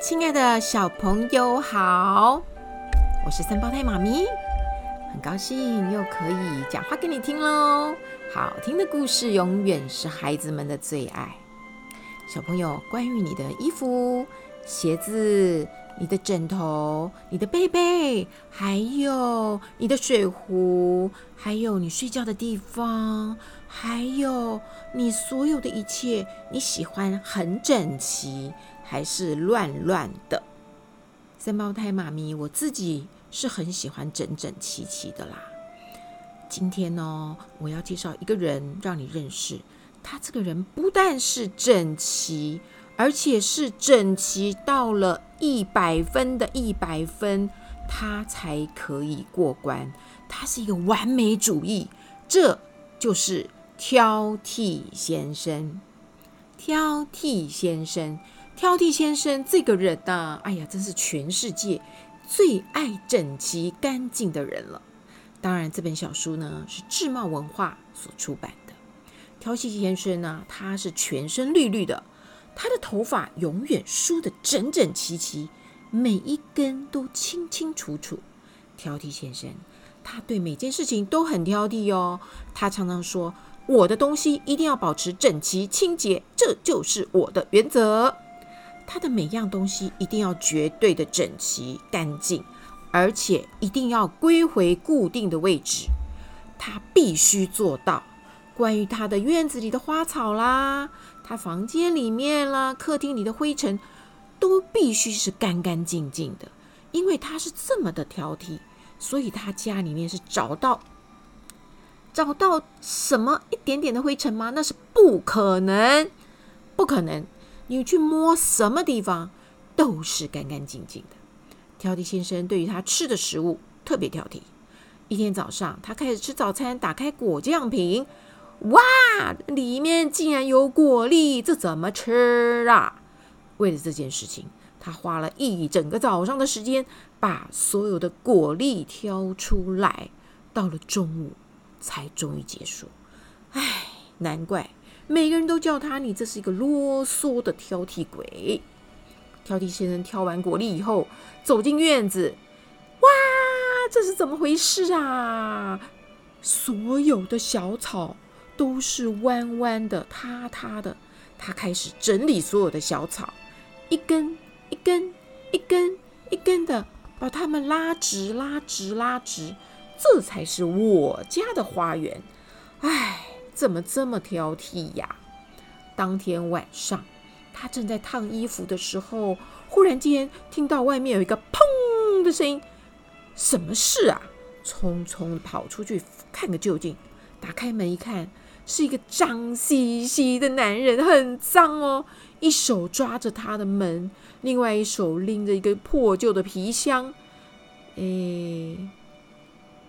親愛的小朋友好，我是三胞胎媽咪，很高興又可以講話給你聽嘍。好聽的故事永遠是孩子們的最愛。小朋友，關於你的衣服、鞋子、你的枕頭、你的背背，還有你的水壺，還有你睡覺的地方，還有你所有的一切，你喜歡很整齊。還是亂亂的，三胞胎媽咪，我自己是很喜歡整整齊齊的啦。今天呢、哦，我要介紹一個人讓你認識，他這個人不但是整齊，而且是整齊到了一百分的一百分，他才可以過關。他是一個完美主義，這就是挑剔先生，挑剔先生。挑剔先生這個人呢，啊，哎呀，真是全世界最愛整齊乾淨的人了。當然，這本小書呢是智茂文化所出版的。挑剔先生呢，他是全身綠綠的，他的頭髮永遠梳得整整齊齊，每一根都清清楚楚。挑剔先生，他對每件事情都很挑剔哦。他常常說：“我的東西一定要保持整齊清潔，這就是我的原則。”他的每樣東西一定要絕對的整齊乾淨，而且一定要歸回固定的位置。他必須做到。關於他的院子裡的花草啦，他房間裡面啦，客廳裡的灰塵都必須是乾乾淨淨的。因為他是這麼的挑剔，所以他家裡面是找到，找到什麼一點點的灰塵嗎？那是不可能，不可能。你去摸什麼地方，都是乾乾淨淨的。挑剔先生對於他吃的食物特別挑剔。一天早上，他開始吃早餐，打開果醬瓶，哇，裡面竟然有果粒，這怎麼吃啊？為了這件事情，他花了一整個早上的時間，把所有的果粒挑出來，到了中午才終於結束。唉，難怪。每個人都叫他你，這是一個囉嗦的挑剔鬼。挑剔先生挑完果粒以後，走進院子，哇，這是怎麼回事啊？所有的小草都是彎彎的、塌塌的。他開始整理所有的小草，一根一根、一根一根的把它們拉直、拉直、拉直。這才是我家的花園。唉。怎麼這麼挑剔呀、啊？當天晚上，他正在燙衣服的時候，忽然間聽到外面有一個“砰”的聲音。什麼事啊？匆匆跑出去看個究竟。打開門一看，是一個髒兮兮的男人，很髒哦，一手抓着他的門，另外一手拎着一個破舊的皮箱。哎、欸，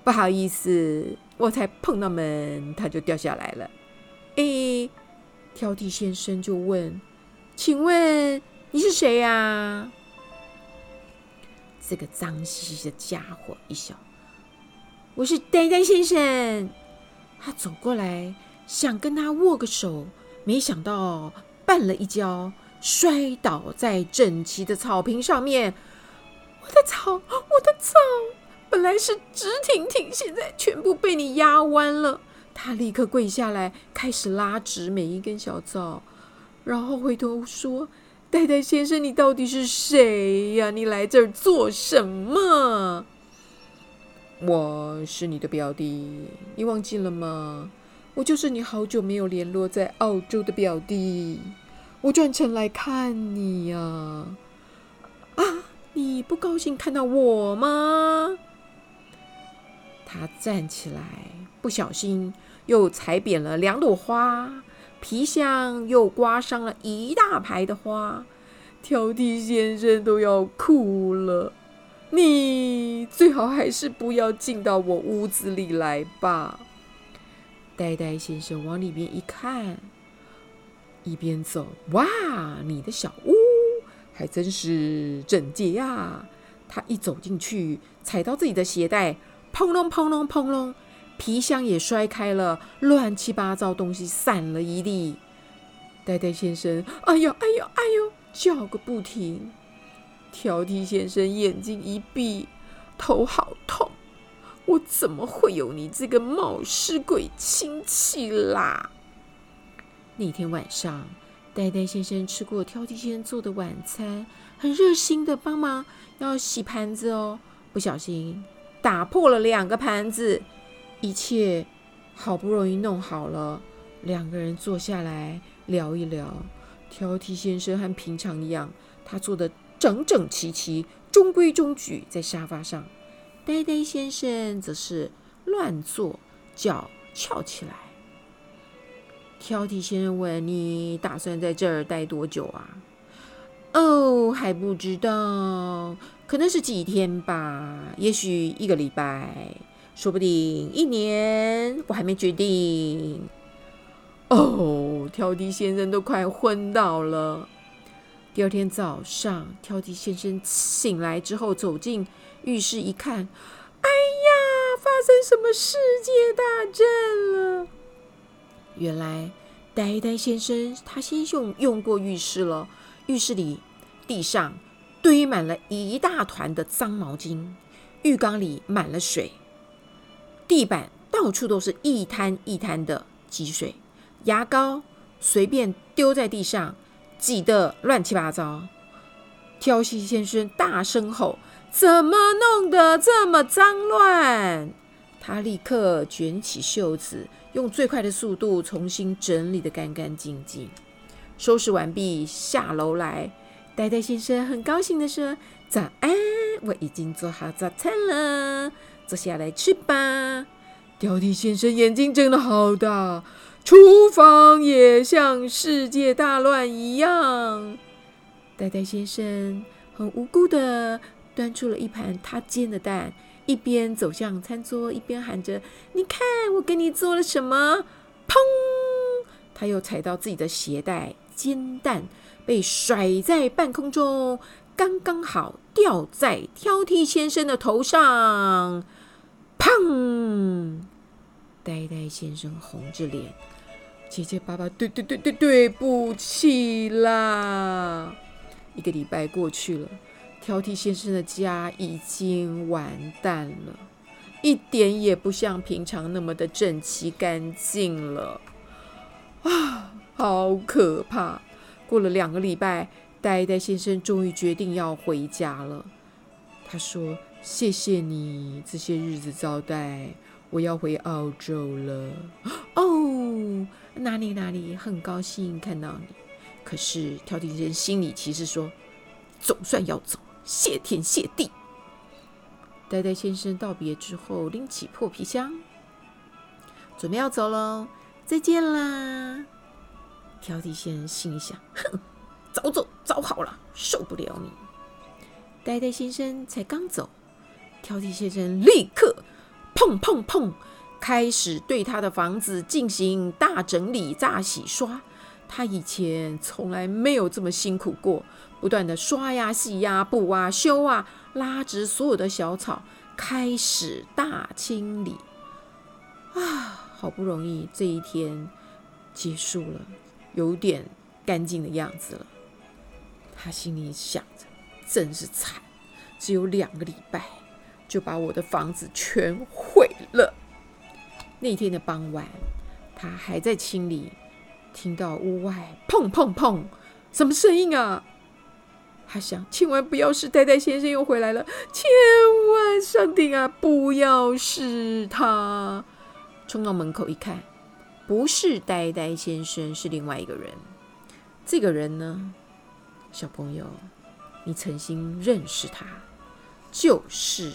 不好意思。我才碰到門，它就掉下來了。哎，挑剔先生就問：“請問你是誰呀？”這個髒兮兮的家伙一笑：“我是呆呆先生。”他走過來想跟他握個手，沒想到絆了一跤，摔倒在整齊的草坪上面。我的草，我的草！本來是直挺挺，現在全部被你壓彎了。他立刻跪下來，開始拉直每一根小草，然後回頭說：“戴戴先生，你到底是誰呀、啊？你來這兒做什麼？”“我是你的表弟，你忘記了嗎？我就是你好久沒有聯絡在澳洲的表弟，我專程來看你呀。”“啊，啊，你不高興看到我嗎？”他站起來，不小心又踩扁了兩朵花，皮箱又刮傷了一大排的花，挑剔先生都要哭了。「你最好還是不要進到我屋子裡來吧。」呆呆先生往裡邊一看，一邊走，「哇，你的小屋還真是整潔呀、啊！」他一走進去，踩到自己的鞋帶。砰隆砰隆砰隆，皮箱也摔開了，亂七八糟東西散了一地。呆呆先生，哎呦哎呦哎呦，叫個不停。挑剔先生眼睛一閉，頭好痛。我怎麼會有你這個冒失鬼親戚啦？那天晚上，呆呆先生吃過挑剔先生做的晚餐，很熱心的幫忙要洗盤子哦，不小心。打破了兩個盤子，一切好不容易弄好了，兩個人坐下來聊一聊。挑剔先生和平常一樣，他坐得整整齊齊、中規中矩，在沙發上；呆呆先生則是亂坐，腳翹起來。挑剔先生問你：“你打算在這兒待多久啊？”哦，還不知道，可能是幾天吧，也許一個禮拜，說不定一年，我還沒決定。哦，挑剔先生都快昏倒了。第二天早上，挑剔先生醒來之後，走進浴室一看，哎呀，發生什麼世界大戰了？原來，呆呆先生他先用用過浴室了。浴室裡，地上堆滿了一大團的髒毛巾，浴缸裡滿了水，地板到處都是一灘一灘的積水，牙膏隨便丟在地上，擠得亂七八糟。挑剔先生大聲吼：“怎麼弄得這麼髒亂？”他立刻捲起袖子，用最快的速度重新整理得乾乾淨淨。收拾完畢，下樓來。呆呆先生很高興的說：“早安，我已經做好早餐了，坐下來吃吧。”挑剔先生眼睛睜的好大，廚房也像世界大亂一樣。呆呆先生很無辜的端出了一盤他煎的蛋，一邊走向餐桌，一邊喊着：“你看，我給你做了什麼？”砰！他又踩到自己的鞋帶。煎蛋被甩在半空中，剛剛好掉在挑剔先生的頭上。砰！呆呆先生紅着臉，結結巴巴：“對對對對，對不起啦！”一個禮拜過去了，挑剔先生的家已經完蛋了，一點也不像平常那麼的整齊乾淨了。啊！好可怕！過了兩個禮拜，呆呆先生終於決定要回家了。他說：“謝謝你這些日子招待，我要回澳洲了。”哦，哪裡哪裡，很高興看到你。可是挑剔人心裡其實說：“總算要走，謝天謝地。”呆呆先生道別之後，拎起破皮箱，準備要走嘍。再見啦！挑剔先生心裡想：“哼，早走早好了，受不了你。”呆呆先生才剛走，挑剔先生立刻砰砰砰，開始對他的房子進行大整理、大洗刷。他以前從來沒有這麼辛苦過，不斷的刷呀、洗呀、補啊、修啊、拉直所有的小草，開始大清理。啊，好不容易這一天結束了。有點乾淨的樣子了，他心裡想着，真是慘，只有兩個禮拜，就把我的房子全毀了。那天的傍晚，他還在清理，聽到屋外砰砰砰什麼聲音啊？他想，千萬不要是呆呆先生又回來了，千萬上天啊，不要是他！衝到門口一看。不是呆呆先生，是另外一個人。這個人呢，小朋友，你曾經認識他，就是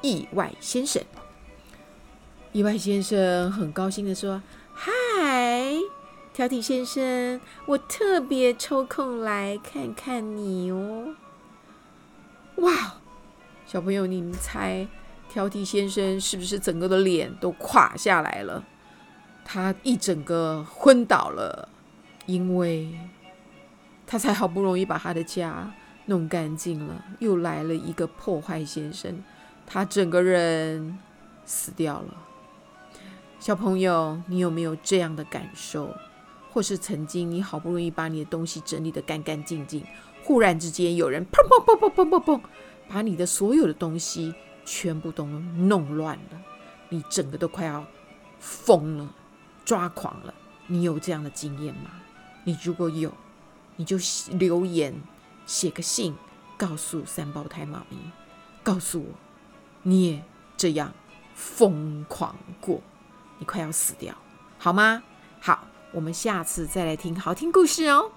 意外先生。意外先生很高興地說：“嗨，挑剔先生，我特別抽空來看看你哦。”哇，小朋友，你們猜挑剔先生是不是整個的臉都垮下來了？他一整個昏倒了，因為他才好不容易把他的家弄乾淨了，又來了一個破壞先生，他整個人死掉了。小朋友，你有沒有這樣的感受？或是曾經你好不容易把你的東西整理的乾乾淨淨，忽然之間有人砰砰砰砰砰砰砰，把你的所有的東西全部都弄亂了，你整個都快要瘋了。抓狂了，你有這樣的經驗嗎？你如果有，你就留言寫個信，告訴三胞胎媽咪，告訴我你也這樣瘋狂過，你快要死掉，好嗎？好，我們下次再來聽好聽故事哦。